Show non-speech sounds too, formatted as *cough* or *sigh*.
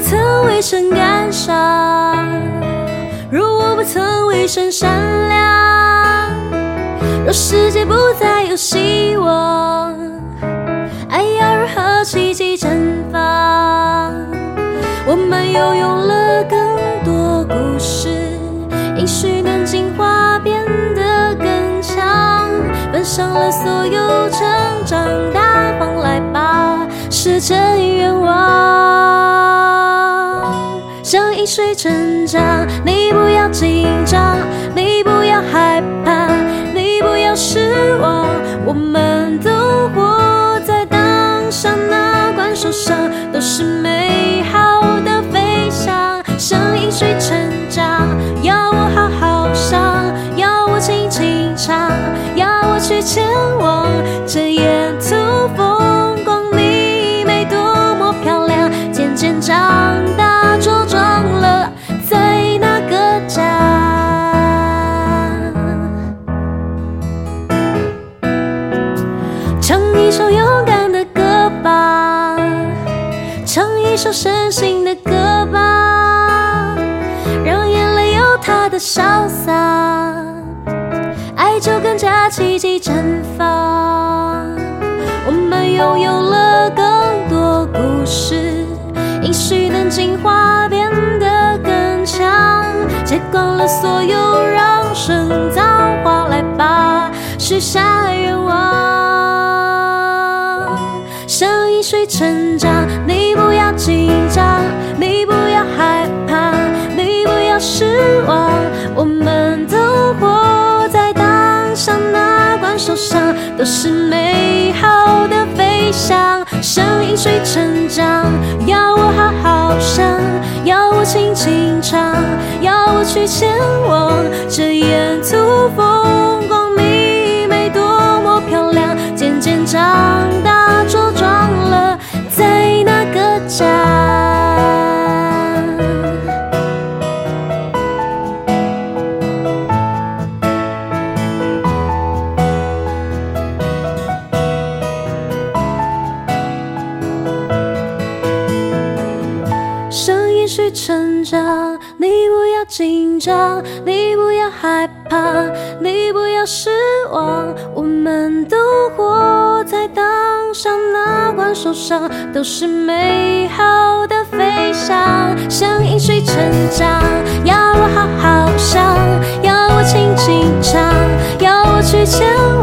不曾為神感傷，若我不曾為神善良，若世界不再有希望，愛要如何奇蹟綻放？我們擁有了更多故事，應許能進化變得更強，奔向了所有成長大方，來吧，實證願望。神應許成長，你不要緊張，你不要害怕，你不要失望，我們都活在當下，哪管受傷都是美。一首勇敢的歌吧，唱一首神性的歌吧，讓眼淚有它的瀟灑，愛就更加奇蹟綻放。 *noise* 我們擁有了更多故事，應許能進化變得更強，接管了所有讓生造，讓神造化來吧，許下。神應許成長，你不要緊張，你不要害怕，你不要失望。我們都活在當下，哪管受傷，都是美好的飛翔。神應許成長，要我好好想，要我輕輕唱，要我去前往這沿途。去成長，你不要緊張，你不要害怕，你不要失望。我們都活在當下，哪管受傷，都是美好的飛翔。神應許成長，要我好好想，要我輕輕唱，要我去前往。